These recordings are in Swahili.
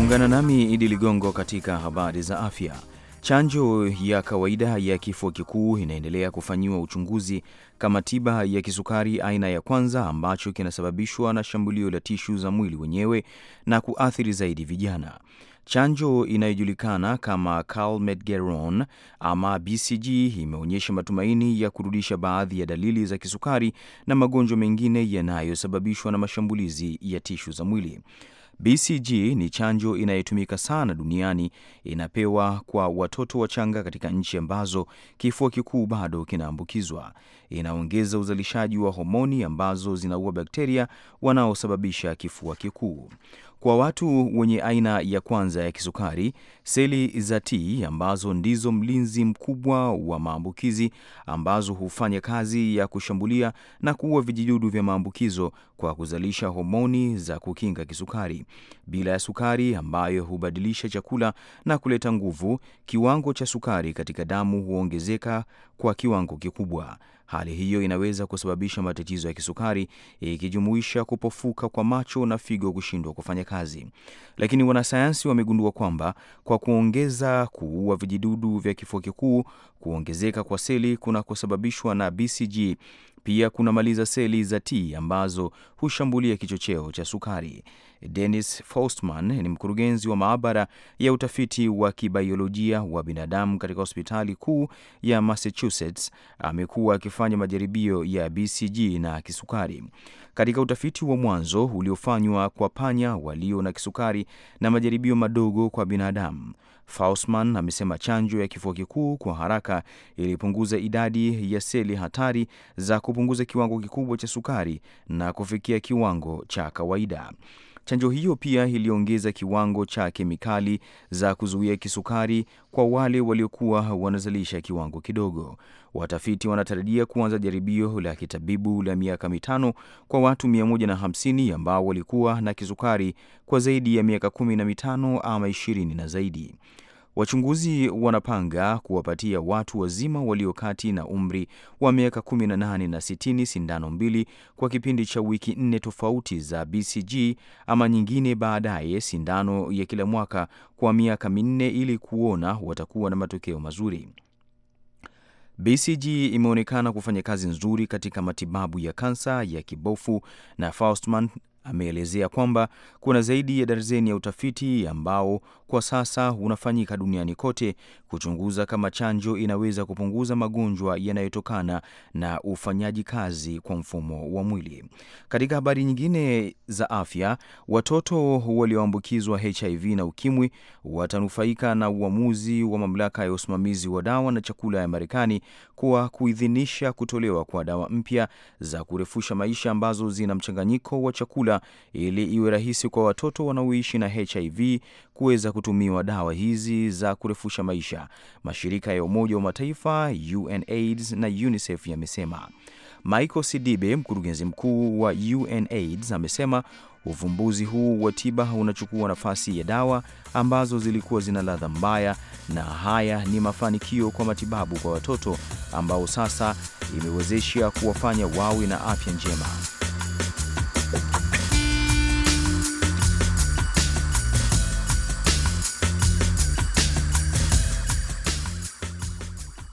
Ungana nami Idi Ligongo katika habari za afya. Chanjo ya kawaida ya kifua kikuu inaendelea kufanyiwa uchunguzi kama tiba ya kisukari aina ya kwanza ambacho kinasababishwa na shambulio la tishu za mwili wenyewe na kuathiri zaidi vijana. Chanjo inayojulikana kama Calmette-Guerin ama BCG imeonyesha matumaini ya kurudisha baadhi ya dalili za kisukari na magonjwa mengine yanayosababishwa na mashambulizi ya tishu za mwili. BCG ni chanjo inayotumika sana duniani, inapewa kwa watoto wachanga katika nchi ambazo kifua kikuu bado kinaambukizwa. Inaongeza uzalishaji wa homoni ambazo zinaua bakteria wanaosababisha kifua kikuu. Kwa watu wenye aina ya kwanza ya kisukari, seli za T ambazo ndizo mlinzi mkubwa wa maambukizi, ambazo hufanya kazi ya kushambulia na kuua vijidudu vya maambukizo kwa kuzalisha homoni za kukinga kisukari. Bila ya sukari ambayo hubadilisha chakula na kuleta nguvu, kiwango cha sukari katika damu huongezeka kwa kiwango kikubwa. Hali hiyo inaweza kusababisha matatizo ya kisukari ikijumuisha kupofuka kwa macho na figo kushindwa kufanya kazi. Lakini wanasayansi wamegundua kwamba kwa kuongeza kuua vijidudu vya kifua kikuu, kuongezeka kwa seli kunakosababishwa na BCG pia kuna maliza seli za T ambazo hushambulia kichocheo cha sukari. Dennis Faustman ni mkurugenzi wa maabara ya utafiti wa kibaiolojia wa binadamu katika hospitali kuu ya Massachusetts. Amekuwa akifanya majaribio ya BCG na kisukari. Katika utafiti wa mwanzo uliofanywa kwa panya walio na kisukari na majaribio madogo kwa binadamu, Fausman amesema chanjo ya kifua kikuu kwa haraka ilipunguza idadi ya seli hatari za kupunguza kiwango kikubwa cha sukari na kufikia kiwango cha kawaida. Chanjo hiyo pia iliongeza kiwango cha kemikali za kuzuia kisukari kwa wale waliokuwa wanazalisha kiwango kidogo. Watafiti wanatarajia kuanza jaribio la kitabibu la miaka mitano kwa watu 150 ambao walikuwa na kisukari kwa zaidi ya miaka kumi na mitano ama ishirini na zaidi. Wachunguzi wanapanga kuwapatia watu wazima walio kati na umri wa miaka 18 na 60 sindano mbili kwa kipindi cha wiki nne tofauti za BCG ama nyingine baadaye sindano ya kila mwaka kwa miaka minne ili kuona watakuwa na matokeo mazuri. BCG imeonekana kufanya kazi nzuri katika matibabu ya kansa ya kibofu na Faustman Ameelezea kwamba kuna zaidi ya darzeni ya utafiti ambao kwa sasa unafanyika duniani kote kuchunguza kama chanjo inaweza kupunguza magonjwa yanayotokana na ufanyaji kazi kwa mfumo wa mwili. Katika habari nyingine za afya, watoto walioambukizwa HIV na ukimwi watanufaika na uamuzi wa mamlaka ya usimamizi wa dawa na chakula ya Marekani kwa kuidhinisha kutolewa kwa dawa mpya za kurefusha maisha ambazo zina mchanganyiko wa chakula chakula ili iwe rahisi kwa watoto wanaoishi na HIV kuweza kutumiwa dawa hizi za kurefusha maisha, mashirika ya Umoja wa Mataifa UNAIDS na UNICEF yamesema. Michael Sidibe, mkurugenzi mkuu wa UNAIDS, amesema uvumbuzi huu wa tiba unachukua nafasi ya dawa ambazo zilikuwa zina ladha mbaya, na haya ni mafanikio kwa matibabu kwa watoto ambao sasa imewezesha kuwafanya wawe na afya njema.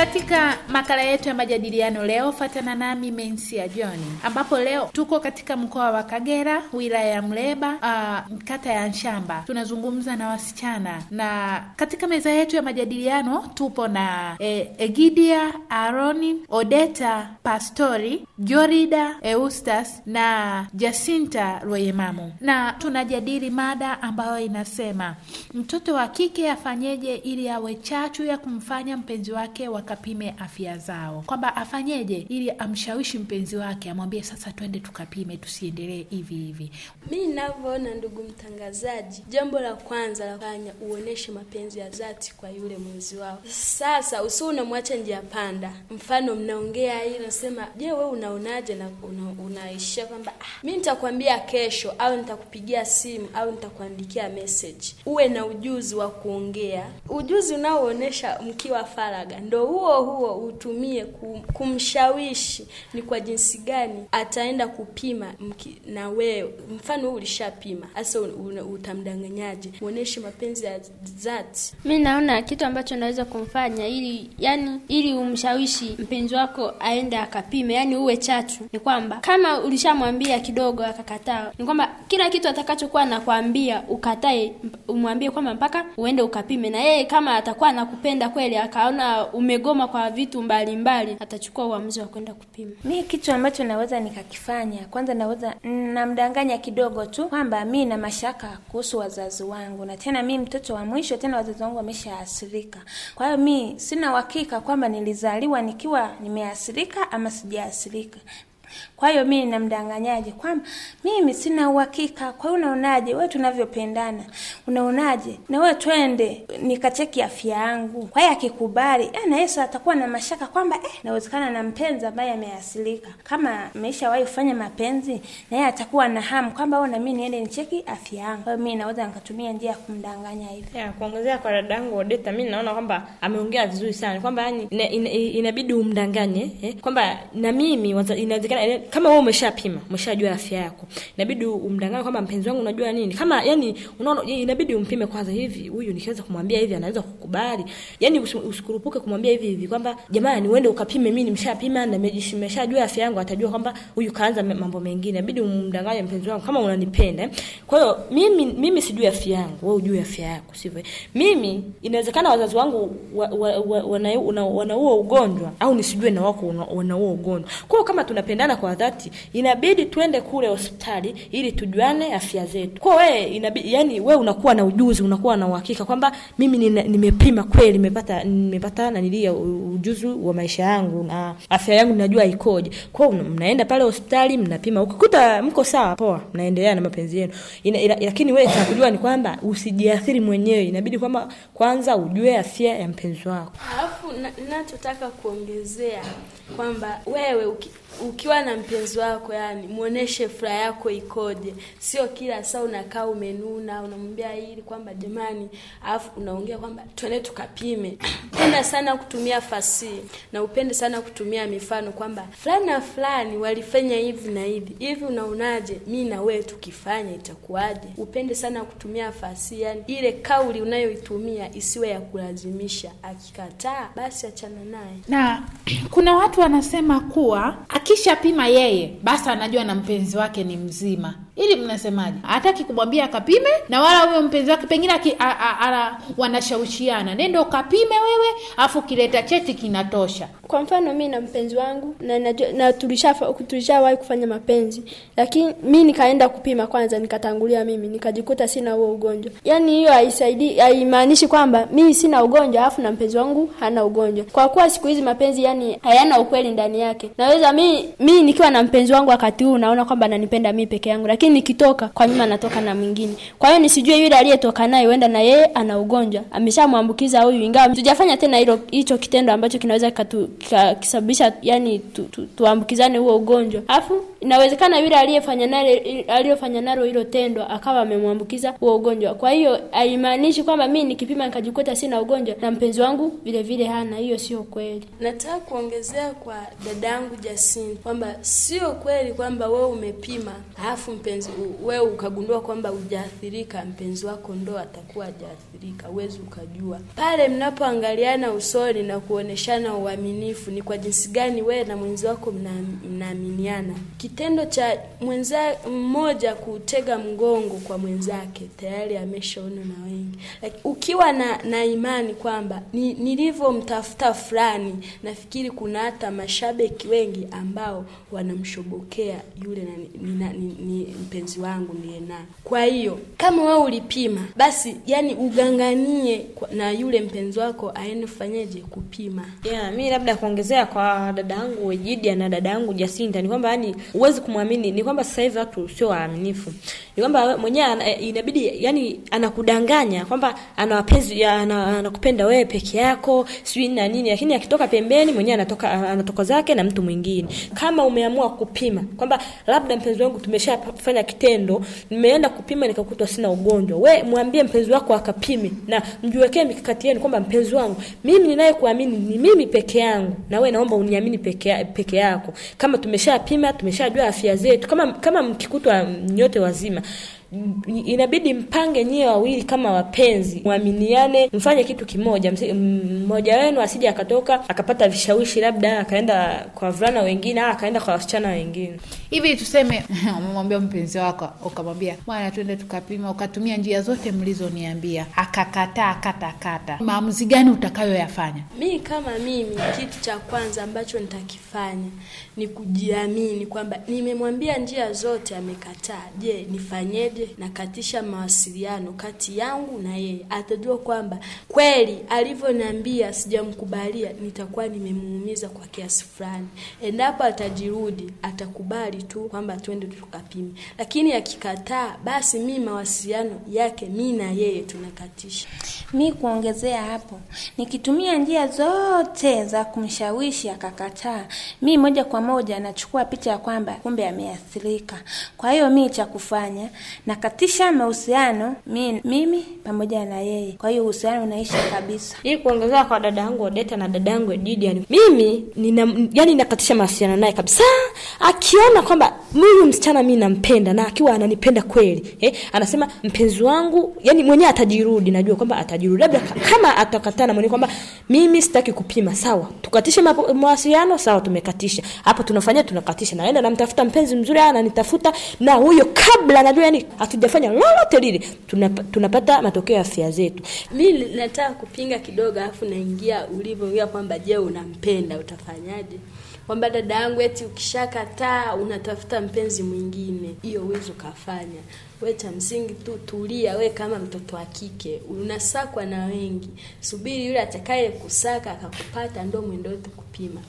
Katika makala yetu ya majadiliano leo, fatana nami Mensia John, ambapo leo tuko katika mkoa wa Kagera, wilaya ya Mleba, uh, kata ya Nshamba. Tunazungumza na wasichana, na katika meza yetu ya majadiliano tupo na e, Egidia Aroni, Odeta Pastori, Jorida Eustas na Jasinta Rweyemamu, na tunajadili mada ambayo inasema mtoto wa kike afanyeje ili awe chachu ya kumfanya mpenzi wake wa wakapime afya zao, kwamba afanyeje ili amshawishi mpenzi wake, amwambie sasa twende tukapime, tusiendelee hivi hivi. Mi ninavyoona, ndugu mtangazaji, jambo la kwanza la fanya uoneshe mapenzi ya dhati kwa yule mwenzi wao. Sasa usi unamwacha njia panda, mfano mnaongea hili nasema, je, we unaonaje? na una, unaishia kwamba ah, mi nitakwambia kesho au nitakupigia simu au nitakuandikia message. Uwe na ujuzi wa kuongea, ujuzi unaoonesha mkiwa faraga ndo huo huo utumie kumshawishi ni kwa jinsi gani ataenda kupima mki, na wewe mfano huu ulishapima hasa utamdanganyaje uoneshe mapenzi ya dhati mi naona kitu ambacho naweza kumfanya ili yani ili umshawishi mpenzi wako aende akapime yani uwe chatu ni kwamba kama ulishamwambia kidogo akakataa ni kwamba kila kitu atakachokuwa nakwambia ukatae umwambie kwamba mpaka uende ukapime na yeye kama atakuwa anakupenda kweli akaona umego kugoma kwa vitu mbalimbali, atachukua uamuzi wa kwenda kupima. Mi kitu ambacho naweza nikakifanya, kwanza naweza namdanganya kidogo tu kwamba mi na mashaka kuhusu wazazi wangu, na tena mi mtoto wa mwisho, tena wazazi wangu wameshaathirika. Kwa hiyo mi sina uhakika kwamba nilizaliwa nikiwa nimeathirika ama sijaathirika. Kwa hiyo mimi namdanganyaje kwamba mimi sina uhakika. Kwa hiyo unaonaje wewe, tunavyopendana unaonaje na wewe, twende nikacheki afya yangu. Kwa hiyo akikubali, eh, na Yesu atakuwa na mashaka kwamba eh, nawezekana na mpenzi ambaye ameasilika kama ameshawahi kufanya mapenzi, na yeye atakuwa na hamu kwamba au oh, na mimi niende nicheki afya yangu. Kwa hiyo mimi naweza nikatumia njia ya kumdanganya hivi. Yeah, kuongezea kwa dada yangu Odeta, mimi naona kwamba ameongea vizuri sana kwamba yani inabidi umdanganye eh, kwamba na mimi inawezekana eh, kama wewe umeshapima, umeshajua afya yako, inabidi umdanganye kwamba mpenzi wangu unajua nini? Kama yani unaona, inabidi umpime kwanza, hivi huyu nikiweza kumwambia hivi anaweza kukubali? Yani usikurupuke kumwambia hivi hivi kwamba jamani, uende ukapime, mimi nimeshapima na nimeshajua afya yangu, atajua kwamba huyu kaanza mambo mengine. Inabidi umdanganye mpenzi wangu kama unanipenda. Kwa hiyo mimi mimi sijui afya yangu, wewe ujue afya yako, sivyo? Mimi inawezekana wazazi wangu wa, wa, wa, wa, wa, wa, wa, wa, wa, ugonjwa au nisijue na wako wana huo ugonjwa. Kwa kama tunapendana kwa dhati inabidi twende kule hospitali ili tujuane afya zetu. Kwa wewe inabidi yani, wewe unakuwa na ujuzi, unakuwa na uhakika kwamba mimi nimepima kweli, nimepata nimepata na nilia ujuzi wa maisha yangu na afya yangu ninajua ikoje. Kwa hiyo mnaenda pale hospitali mnapima, ukikuta mko sawa, poa, mnaendelea na mapenzi yenu. Lakini wewe utakujua ni kwamba usijiathiri mwenyewe, inabidi kwamba kwanza ujue afya ya mpenzi wako. Alafu ninachotaka kuongezea kwamba wewe uki ukiwa na mpenzi wako, yani muoneshe furaha yako ikoje. Sio kila saa unakaa umenuna, unamwambia hili kwamba jamani, alafu unaongea kwamba twende tukapime. Penda sana kutumia fasi na upende sana kutumia mifano kwamba fulani na fulani walifanya hivi na hivi hivi, unaonaje? Mi na wewe tukifanya itakuwaje? Upende sana kutumia fasi yani ile kauli unayoitumia isiwe ya kulazimisha. Akikataa basi achana naye. Na kuna watu wanasema kuwa aki akishapima yeye, basi anajua na mpenzi wake ni mzima ili mnasemaje, hataki kumwambia akapime, na wala huyo mpenzi wake pengine wanashaushiana nendo kapime wewe, afu kileta cheti kinatosha. Kwa mfano mi na mpenzi wangu na, na, na tulishawahi kufanya mapenzi, lakini mi nikaenda kupima kwanza, nikatangulia mimi nikajikuta sina huo ugonjwa. Yani hiyo haimaanishi kwamba mi sina ugonjwa alafu na mpenzi wangu hana ugonjwa, kwa kuwa siku hizi mapenzi yani hayana ukweli ndani yake. Naweza mi, mi nikiwa na mpenzi wangu wakati huu naona kwamba ananipenda mi peke yangu, lakini lakini nikitoka kwa nyuma anatoka na mwingine. Kwa hiyo nisijue yule aliyetoka naye huenda na yeye ana ugonjwa ameshamwambukiza huyu, ingawa tujafanya tena hilo hicho kitendo ambacho kinaweza kisababisha yani tu, tu, tuambukizane huo ugonjwa. Alafu inawezekana yule aliyefanya naye aliyofanya nalo hilo tendo akawa amemwambukiza huo ugonjwa. Kwa hiyo haimaanishi kwamba mimi nikipima nikajikuta sina ugonjwa na mpenzi wangu vile vile hana. Hiyo sio kweli. Nataka kuongezea kwa dadangu Jasin kwamba sio kweli kwamba wewe umepima alafu mpenzi mpenzi we ukagundua kwamba ujaathirika mpenzi wako ndo atakuwa ajaathirika uwezi ukajua. Pale mnapoangaliana usoni na kuoneshana uaminifu, ni kwa jinsi gani wewe na mwenzi wako mnaaminiana. Kitendo cha mwenza mmoja kutega mgongo kwa mwenzake tayari ameshaona na wengi like, ukiwa na, na imani kwamba ni, nilivyomtafuta fulani, nafikiri kuna hata mashabiki wengi ambao wanamshobokea yule na, ni, ni, ni, mpenzi wangu niliye naye. Kwa hiyo kama wewe ulipima, basi yani uganganie na yule mpenzi wako aende fanyeje kupima. Yeah, mi labda kuongezea kwa dada yangu Wejidia na dada yangu Jasinta ni kwamba yani huwezi kumwamini, ni kwamba sasa hivi watu sio waaminifu, ni kwamba mwenyewe eh, inabidi yani anakudanganya kwamba ana wapenzi, anakupenda wewe peke yako sijui na nini, lakini akitoka pembeni mwenyewe anatoka anatoka zake na mtu mwingine. Kama umeamua kupima kwamba labda mpenzi wangu tumesha kufanya kitendo, nimeenda kupima nikakutwa sina ugonjwa. We mwambie mpenzi wako akapime, na mjiwekee mikakati yenu kwamba mpenzi wangu, mimi ninayekuamini ni mimi peke yangu, na we naomba uniamini peke, peke yako. Kama tumeshapima tumeshajua afya zetu, kama kama mkikutwa nyote wazima inabidi mpange nyie wawili kama wapenzi, mwaminiane, mfanye kitu kimoja, mmoja wenu asije akatoka akapata vishawishi, labda akaenda kwa vulana wengine, akaenda kwa wasichana wengine. Hivi tuseme umemwambia mpenzi wako, ukamwambia bwana, twende tukapima, ukatumia njia zote mlizoniambia, akakataa katakata, maamuzi gani utakayoyafanya? Mi kama mimi, kitu cha kwanza ambacho nitakifanya ni kujiamini kwamba nimemwambia njia zote, amekataa. Je, nifanyeje? nije nakatisha mawasiliano kati yangu na yeye, atajua kwamba kweli alivyoniambia sijamkubalia, nitakuwa nimemuumiza kwa kiasi fulani. Endapo atajirudi, atakubali tu kwamba twende tukapime, lakini akikataa, basi mi mawasiliano yake mi na yeye tunakatisha. Mi kuongezea hapo, nikitumia njia zote za kumshawishi akakataa, mi moja kwa moja nachukua picha ya kwamba kumbe ameathirika. Kwa hiyo mi cha kufanya na katisha mahusiano mimi pamoja na yeye. Kwa hiyo uhusiano unaisha kabisa. ili kuongezea kwa dada yangu Odeta na dada yangu Edidian, mimi nina, yani nakatisha mahusiano naye kabisa, akiona kwamba mimi msichana mi nampenda na akiwa ananipenda kweli eh, anasema mpenzi wangu, yani mwenyewe atajirudi, najua kwamba atajirudi, labda kama atakataa na mwenyewe kwamba mimi sitaki kupima, sawa, tukatishe mawasiliano, sawa, tumekatisha hapo, tunafanya tunakatisha, naenda namtafuta mpenzi mzuri, ananitafuta na huyo, kabla najua yani hatujafanya lolote lile, tunapata matokeo ya afya zetu. Mimi nataka kupinga kidogo, alafu naingia ulivyoongea kwamba je, unampenda utafanyaje? kwamba dada yangu, eti ukishakataa unatafuta mpenzi mwingine, hiyo huwezi ukafanya. We cha msingi tu tulia, we kama mtoto wa kike unasakwa na wengi, subiri yule atakaye kusaka akakupata, ndo mwendo wetu kupima.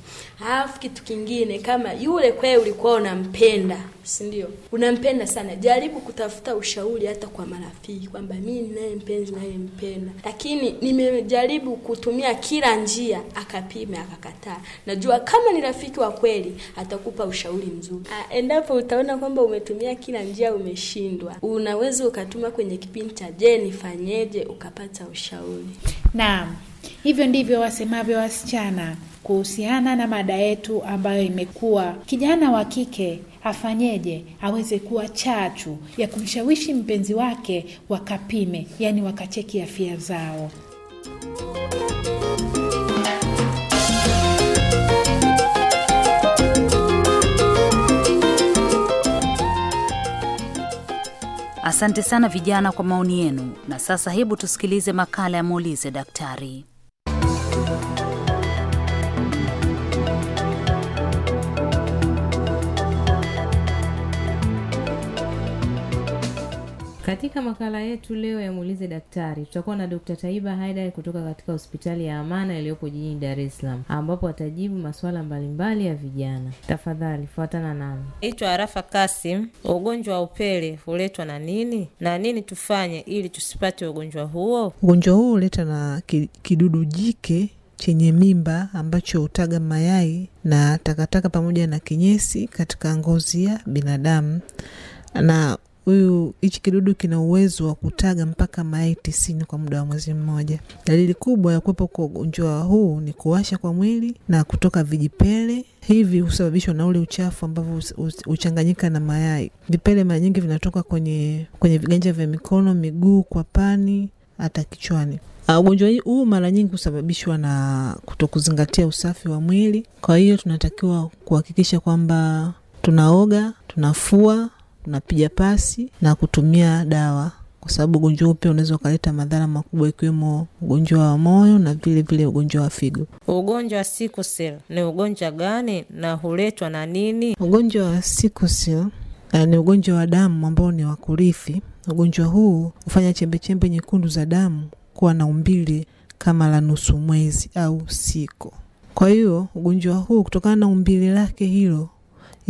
Alafu kitu kingine, kama yule kweli ulikuwa unampenda si ndio? Unampenda sana, jaribu kutafuta ushauri hata kwa marafiki kwamba mimi naye mpenzi nayempenda, lakini nimejaribu kutumia kila njia, akapime akakataa. Najua kama ni rafiki wa kweli atakupa ushauri mzuri. Ah, endapo utaona kwamba umetumia kila njia umeshindwa, unaweza ukatuma kwenye kipindi cha Je nifanyeje, ukapata ushauri. Naam, hivyo ndivyo wasemavyo wasichana kuhusiana na mada yetu ambayo imekuwa kijana wa kike afanyeje aweze kuwa chachu ya kumshawishi mpenzi wake wakapime, yani wakacheki afya zao. Asante sana vijana kwa maoni yenu, na sasa hebu tusikilize makala ya muulize daktari. Katika makala yetu leo ya muulize daktari, tutakuwa na dokta Taiba Haidar kutoka katika hospitali ya Amana iliyopo jijini Dar es Salaam, ambapo atajibu masuala mbalimbali ya vijana. Tafadhali fuatana nami. Naitwa Arafa Kasim. Ugonjwa wa upele huletwa na nini na nini tufanye ili tusipate ugonjwa huo? Ugonjwa huo huletwa na kidudu jike chenye mimba ambacho hutaga mayai na takataka pamoja na kinyesi katika ngozi ya binadamu na huyu hichi kidudu kina uwezo wa kutaga mpaka mayai tisini kwa muda wa mwezi mmoja. Dalili kubwa ya kuwepo kwa ugonjwa huu ni kuwasha kwa mwili na kutoka vijipele. Hivi husababishwa na ule uchafu ambavyo huchanganyika na mayai. Vipele mara nyingi vinatoka kwenye kwenye viganja vya mikono, miguu, kwa pani, hata kichwani. Ah, ugonjwa huu mara nyingi husababishwa na kutokuzingatia usafi wa mwili. Kwa hiyo tunatakiwa kuhakikisha kwamba tunaoga, tunafua tunapiga pasi na kutumia dawa kwa sababu ugonjwa huu pia unaweza ukaleta madhara makubwa ikiwemo ugonjwa wa moyo na vile vile ugonjwa wa figo. Ugonjwa wa sikosel ni ugonjwa gani na huletwa na nini? Ugonjwa wa sikosel eh, ni ugonjwa wa damu ambao ni wa kurithi. Ugonjwa huu hufanya chembechembe nyekundu za damu kuwa na umbile kama la nusu mwezi au siko. Kwa hiyo ugonjwa huu kutokana na umbile lake hilo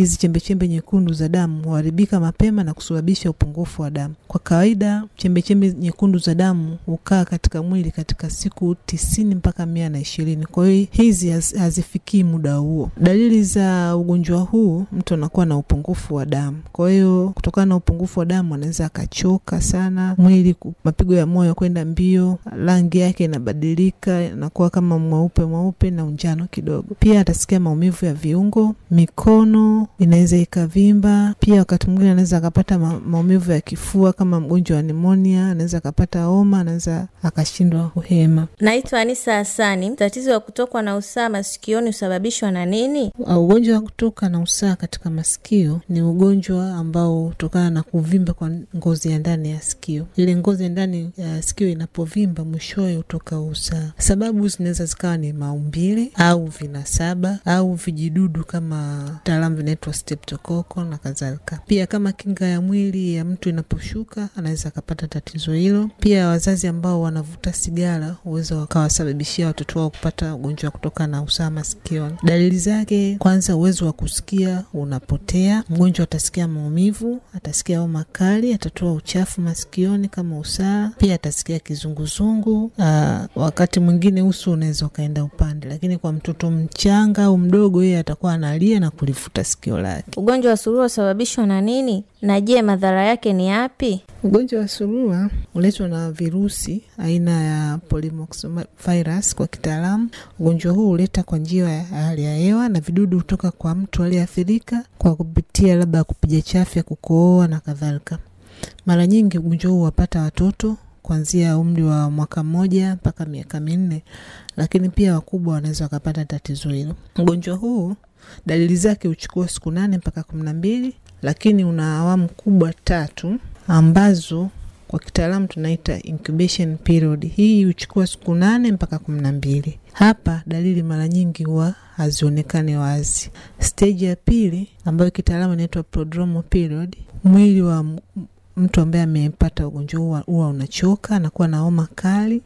hizi chembechembe nyekundu za damu huharibika mapema na kusababisha upungufu wa damu. Kwa kawaida chembechembe nyekundu za damu hukaa katika mwili katika siku tisini mpaka mia na ishirini. Kwa hiyo hizi hazifikii muda huo. Dalili za ugonjwa huu, mtu anakuwa na upungufu wa damu. Kwa hiyo kutokana na upungufu wa damu anaweza akachoka sana, mwili, mapigo ya moyo kwenda mbio, rangi yake inabadilika, anakuwa kama mweupe mweupe na unjano kidogo. Pia atasikia maumivu ya viungo, mikono inaweza ikavimba. Pia wakati mwingine anaweza akapata maumivu ya kifua kama mgonjwa wa nimonia, anaweza akapata homa, anaweza akashindwa kuhema. Naitwa Anisa Hasani. Tatizo la kutokwa na usaa masikioni husababishwa na nini? Ugonjwa wa kutoka na usaa katika masikio ni ugonjwa ambao hutokana na kuvimba kwa ngozi ya ndani ya sikio. Ile ngozi ya ndani ya sikio inapovimba, mwishowe hutoka usaa. Sababu zinaweza zikawa ni maumbile au vinasaba au vijidudu kama taalamu inaitwa streptokoko na kadhalika. Pia kama kinga ya mwili ya mtu inaposhuka, anaweza akapata tatizo hilo. Pia wazazi ambao wanavuta sigara huweza wakawasababishia watoto wao kupata ugonjwa wa kutoka na usaha masikioni. Dalili zake, kwanza, uwezo wa kusikia unapotea. Mgonjwa atasikia maumivu, atasikia au makali atatoa uchafu masikioni kama usaha. Pia atasikia kizunguzungu. Aa, wakati mwingine uso unaweza ukaenda upande, lakini kwa mtoto mchanga au mdogo, yeye atakuwa analia na kulivuta sikio sikio lake. Ugonjwa wa surua usababishwa na nini, na je, madhara yake ni yapi? Ugonjwa wa surua huletwa na virusi aina ya polimoxvirus kwa kitaalamu. Ugonjwa huu huleta kwa njia ya hali ya hewa na vidudu kutoka kwa mtu aliyeathirika kwa kupitia labda ya kupiga chafya, kukooa na kadhalika. Mara nyingi ugonjwa huu huwapata watoto kuanzia umri wa mwaka mmoja mpaka miaka minne, lakini pia wakubwa wanaweza wakapata tatizo hilo. Ugonjwa huu Dalili zake huchukua siku nane mpaka kumi na mbili, lakini una awamu kubwa tatu ambazo kwa kitaalamu tunaita incubation period. Hii huchukua siku nane mpaka kumi na mbili. Hapa dalili mara nyingi huwa hazionekani wazi. steji ya pili ambayo kitaalamu inaitwa prodromal period, mwili wa mtu ambaye amepata ugonjwa huwa unachoka, anakuwa na homa kali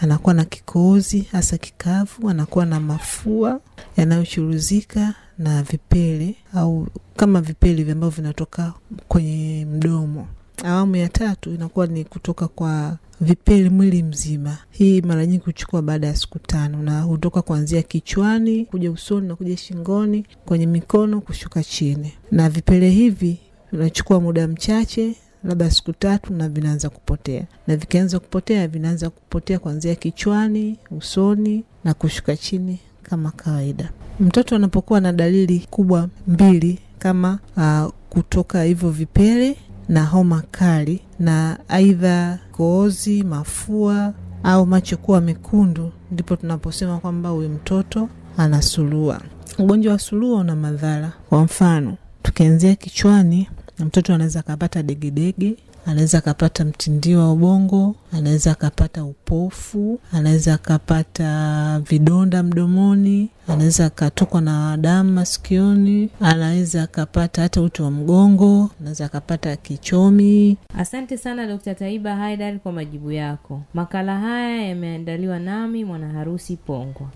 anakuwa na kikohozi hasa kikavu, anakuwa na mafua yanayochuruzika na vipele au kama vipele ambavyo vinatoka kwenye mdomo. Awamu ya tatu inakuwa ni kutoka kwa vipele mwili mzima. Hii mara nyingi huchukua baada ya siku tano na hutoka kuanzia kichwani kuja usoni na kuja shingoni, kwenye mikono kushuka chini, na vipele hivi unachukua muda mchache labda siku tatu, na vinaanza kupotea, na vikianza kupotea, vinaanza kupotea kuanzia kichwani, usoni na kushuka chini kama kawaida. Mtoto anapokuwa na dalili kubwa mbili kama uh, kutoka hivyo vipele na homa kali na aidha koozi, mafua au macho kuwa mekundu, ndipo tunaposema kwamba huyu mtoto anasurua Ugonjwa wa surua una madhara. Kwa mfano, tukianzia kichwani, Mtoto anaweza akapata degedege, anaweza akapata mtindio wa ubongo, anaweza akapata upofu, anaweza akapata vidonda mdomoni, anaweza akatokwa na damu masikioni, anaweza akapata hata uti wa mgongo, anaweza akapata kichomi. Asante sana Dkt. Taiba Haidar kwa majibu yako. Makala haya yameandaliwa nami Mwanaharusi Pongwa.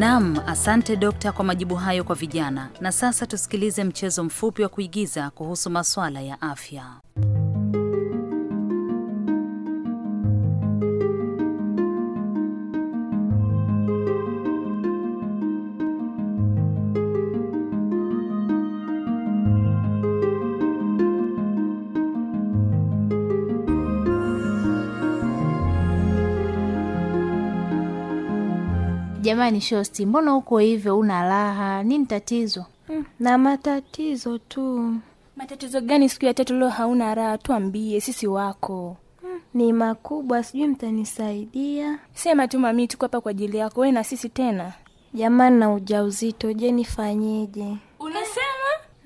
Naam, asante dokta kwa majibu hayo kwa vijana. Na sasa tusikilize mchezo mfupi wa kuigiza kuhusu masuala ya afya. jamani shosti, mbona uko hivyo, una raha? Nini tatizo? Mm, na matatizo tu. Matatizo gani siku ya tatu leo hauna raha? Tuambie, sisi wako. Mm, ni makubwa, sijui mtanisaidia. Sema tu mamii tuko hapa kwa ajili yako, we na sisi tena. Jamani, na ujauzito, je nifanyeje?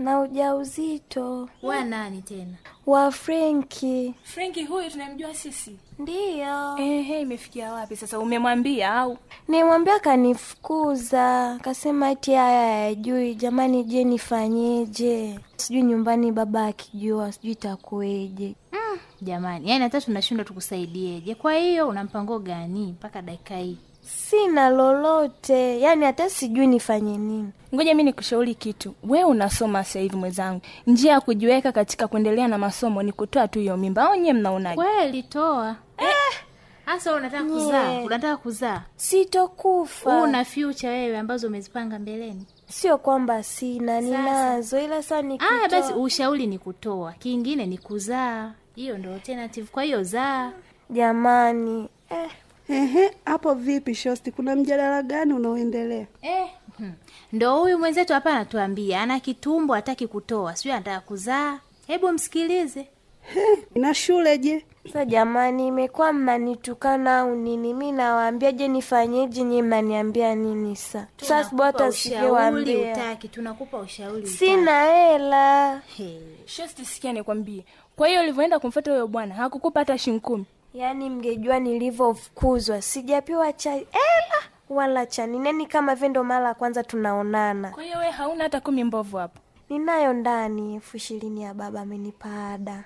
na ujauzito. wa nani tena? Wa Frenki. Frenki huyu tunamjua sisi? Ndiyo. Ehe, imefikia wapi sasa? Umemwambia au? Nimwambia, kanifukuza kasema ti haya hayajui. Jamani, je, nifanyeje? Sijui nyumbani baba akijua, sijui itakuweje. Mm, jamani, yani hata tunashindwa tukusaidieje. Kwa hiyo una mpango gani mpaka dakika hii? Sina lolote, yaani hata sijui nifanye nini. Ngoja mi nikushauri kitu, we unasoma sasa hivi mwenzangu, njia ya kujiweka katika kuendelea na masomo ni kutoa tu hiyo mimba, au nyie mnaonaji Kweli, toa eh! Eh, hasa eh. Unataka kuzaa, unataka kuzaa, sitokufa. na future wewe ambazo umezipanga mbeleni Sio kwamba sina, ninazo, ila saa nikitoa. Ah, basi ushauri ni kutoa, kingine ni kuzaa. Hiyo ndo alternative. Kwa hiyo zaa, jamani eh. Ehe, hapo vipi shosti, kuna mjadala gani unaoendelea eh? Hmm. Ndo huyu mwenzetu hapa anatuambia ana kitumbo, hataki kutoa, sio anataka kuzaa. Hebu msikilize. He, na shule je? Sasa jamani, imekuwa mnanitukana au nini? Mi nawaambiaje nifanyeje? Nyie mnaniambia nini? Sa sasa sibu hata sikiwaambia, utaki tunakupa ushauri, sina hela. Shosti, sikia nikwambie. Kwa hiyo ulivyoenda kumfuata huyo bwana hakukupa hata shilingi kumi? Yaani mgejua nilivyofukuzwa, sijapewa cha ela wala cha nineni, kama vendo mara ya kwanza tunaonana. Kwa hiyo we hauna hata kumi mbovu hapo? Ninayo ndani, elfu ishirini ya baba amenipaada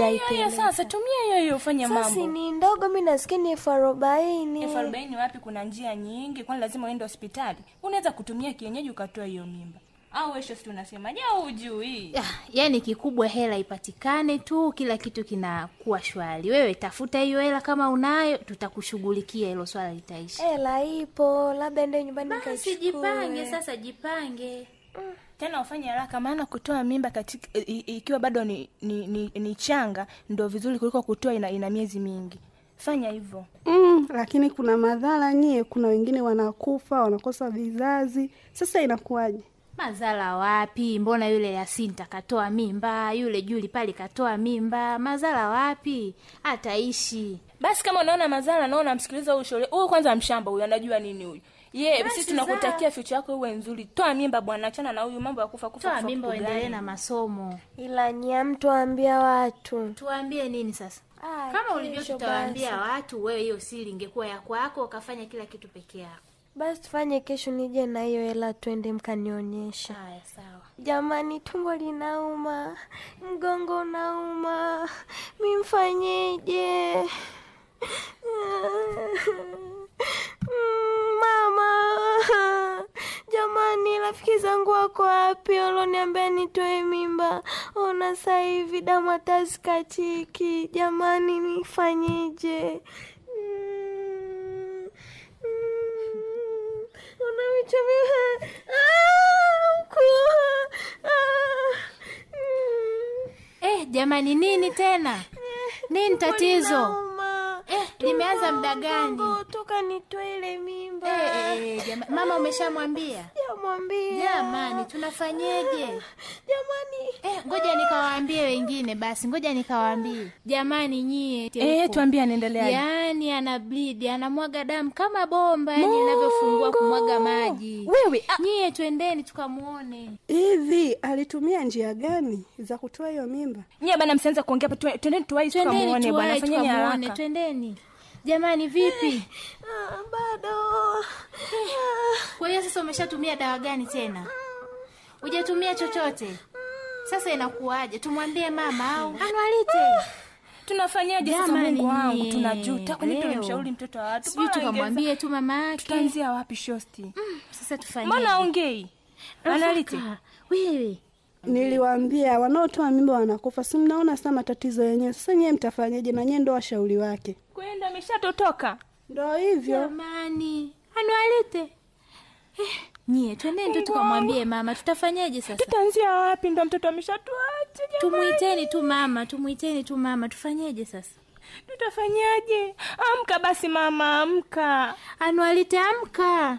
ada Sasa tumia hiyo hiyo ufanye mambo. Sasa ni ndogo mimi nasikia ni elfu arobaini. Elfu arobaini wapi? Kuna njia nyingi, kwani lazima uende hospitali? Unaweza kutumia kienyeji ukatoa hiyo mimba au wewe unasema je, hujui? yaani kikubwa hela ipatikane tu, kila kitu kinakuwa shwari. Wewe tafuta hiyo hela, kama unayo tutakushughulikia, hilo swala litaisha. Hela ipo, labda ende nyumbani nikaichukue. Jipange sasa, jipange mm. Tena ufanye haraka, maana kutoa mimba katika ikiwa bado ni, ni, ni, ni changa ndio vizuri kuliko kutoa ina, ina miezi mingi fanya hivyo mm, lakini kuna madhara nyie, kuna wengine wanakufa wanakosa vizazi. Sasa inakuwaje? mazala wapi? Mbona yule Yasinta katoa mimba, yule Juli pale katoa mimba, mazala wapi? Ataishi basi. Kama unaona mazala, naona msikiliza huyu shule huyu, kwanza mshamba huyu, anajua nini huyu ye yeah, sisi tunakutakia future yako iwe nzuri. Toa mimba bwana, achana na huyu mambo ya kufa kufa. Toa mimba uendelee na masomo. Ila ni watu, tuambie nini sasa? Ay, kama ulivyo tutawaambia watu, wewe hiyo siri ingekuwa ya kwako, ukafanya kila kitu peke yako. Basi tufanye kesho, nije na hiyo hela, twende mkanionyesha. Jamani, tumbo linauma, mgongo unauma, mimfanyeje? Mama jamani, rafiki zangu wako wapi? Walioniambia nitoe mimba, ona sahivi hivi damu Jamani, nifanyeje? Eh, jamani, nini tena? Nini tatizo? Eh, nimeanza mda gani? Toka nitoe ile mimba. Eh, eh, mama umeshamwambia? Sijamwambia. Jamani, tunafanyeje? Jamani. ngoja nikawaambie wengine basi, ngoja nikawaambie. Jamani nyie. Eh, tuambie anaendelea. yani ana bleed, anamwaga damu kama bomba, yani anavyofungua kumwaga maji. Wewe, nyie twendeni tukamuone. Hivi alitumia njia gani za kutoa hiyo mimba? Nyie bana msianza kuongea, twendeni tuwai tukamuone bwana, fanyeni haraka. Twendeni jamani jamani vipi eh, ah, bado kwa hiyo sasa umeshatumia dawa gani tena ujatumia chochote sasa inakuwaje tumwambie mama au anwalite ah! tunafanyaje sasa mungu wangu tunajuta kwani tunamshauri mtoto wa watu sijui tukamwambie tu mama yake tutaanzia wapi shosti mm, sasa tufanye maana ongei analite wewe Niliwaambia wanaotoa mimba wanakufa, si mnaona sana matatizo yenyewe. Sasa nyewe mtafanyaje? Na nyewe ndo washauri wake, kwenda ameshatotoka, ndo hivyo jamani, anualite eh, Nyie twendeni tukamwambie mama, tutafanyaje sasa? Tutaanzia wapi? Ndo mtoto ameshatuacha. Tumwiteni tu mama, tumwiteni tu mama, tufanyeje sasa? Tutafanyaje? Amka basi mama, amka. Anualite, amka.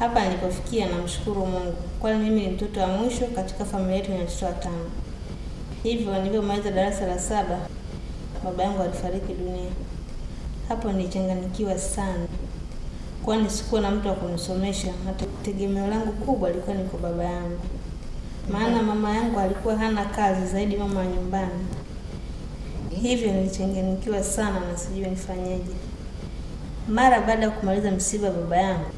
Hapa nilipofikia namshukuru Mungu, kwani mimi ni mtoto wa mwisho katika familia yetu yenye watoto watano. Hivyo nilipomaliza darasa la saba, baba yangu alifariki dunia. Hapo nilichanganyikiwa sana, kwani sikuwa na mtu wa kunisomesha. Hata tegemeo langu kubwa alikuwa ni kwa baba yangu, maana mama yangu alikuwa hana kazi zaidi mama wa nyumbani. Hivyo nilichanganyikiwa sana na sijui nifanyeje. Mara baada ya kumaliza msiba baba yangu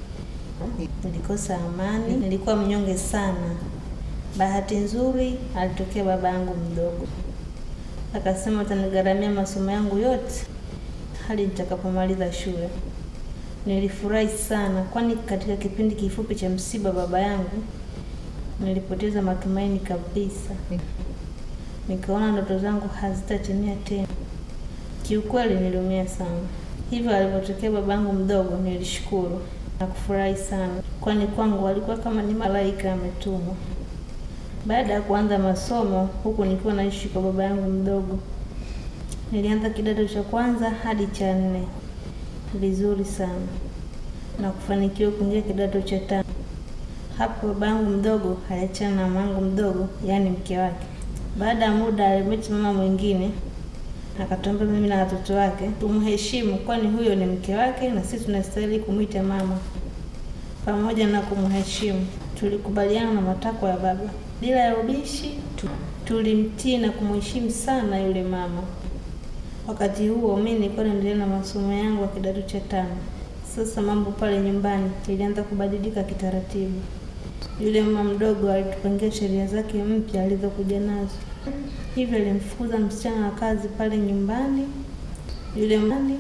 nilikosa amani, mm-hmm. nilikuwa mnyonge sana. Bahati nzuri alitokea baba yangu mdogo, akasema atanigharamia masomo yangu yote hadi nitakapomaliza shule. Nilifurahi sana, kwani katika kipindi kifupi cha msiba baba yangu nilipoteza matumaini kabisa, nikaona ndoto zangu hazitatimia tena. Kiukweli niliumia sana. Hivyo alipotokea babangu mdogo, nilishukuru. Nakufurahi sana, kwani kwangu walikuwa kama ni malaika ametumwa. Baada ya kuanza masomo huku nikiwa naishi kwa baba yangu mdogo, nilianza kidato cha kwanza hadi cha nne vizuri sana na kufanikiwa kuingia kidato cha tano. Hapo baba yangu mdogo aliachana na mamangu mdogo, yaani mke wake. Baada ya muda alimeti mama mwingine akatuomba mimi na watoto wake tumheshimu, kwani huyo ni mke wake na sisi tunastahili kumwita mama pamoja na kumheshimu. Tulikubaliana na matakwa ya baba bila ya ubishi, tulimtii na kumheshimu sana yule mama. Wakati huo mimi nilikuwa naendelea na masomo yangu ya kidato cha tano. Sasa mambo pale nyumbani ilianza kubadilika kitaratibu. Yule mama mdogo alitupangia sheria zake mpya alizokuja nazo Hivyo ilimfukuza msichana wa kazi pale nyumbani yule mani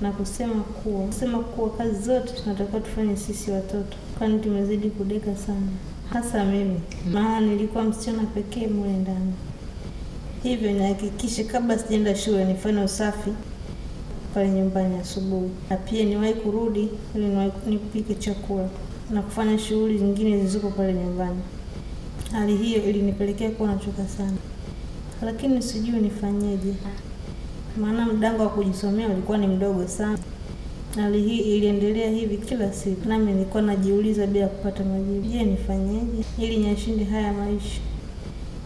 na kusema kuwa kusema kuwa kazi zote tunatakiwa tufanye sisi watoto, kwani tumezidi kudeka sana, hasa mimi, maana nilikuwa msichana pekee mule ndani. Hivyo nihakikishe kabla sijaenda shule nifanye usafi pale nyumbani asubuhi, na pia niwahi kurudi ili nipike chakula na kufanya shughuli zingine zilizoko pale nyumbani. Hali hiyo ilinipelekea kuwa nachoka sana, lakini sijui nifanyeje, maana mdango wa kujisomea ulikuwa ni mdogo sana. Hali hii iliendelea hivi kila siku, nami nilikuwa najiuliza bila kupata majibu, je, nifanyeje ili niyashinde haya maisha?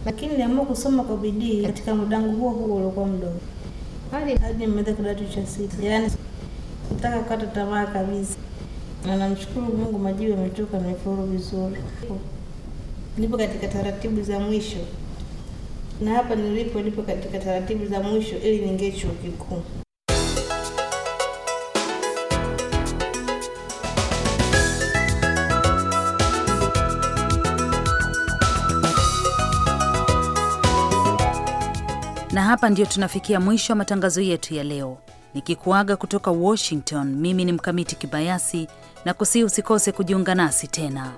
Lakini niliamua kusoma kwa bidii katika mdango huo huo uliokuwa mdogo hadi hadi nimeweza kidato cha sita, yaani nataka kukata tamaa kabisa, na namshukuru Mungu, majibu yametoka, nimefaulu vizuri nipo katika taratibu za mwisho, na hapa nilipo nipo katika taratibu za mwisho ili niingie chuo kikuu. Na hapa ndio tunafikia mwisho wa matangazo yetu ya leo, nikikuaga kutoka Washington. Mimi ni Mkamiti Kibayasi na kusii usikose kujiunga nasi tena.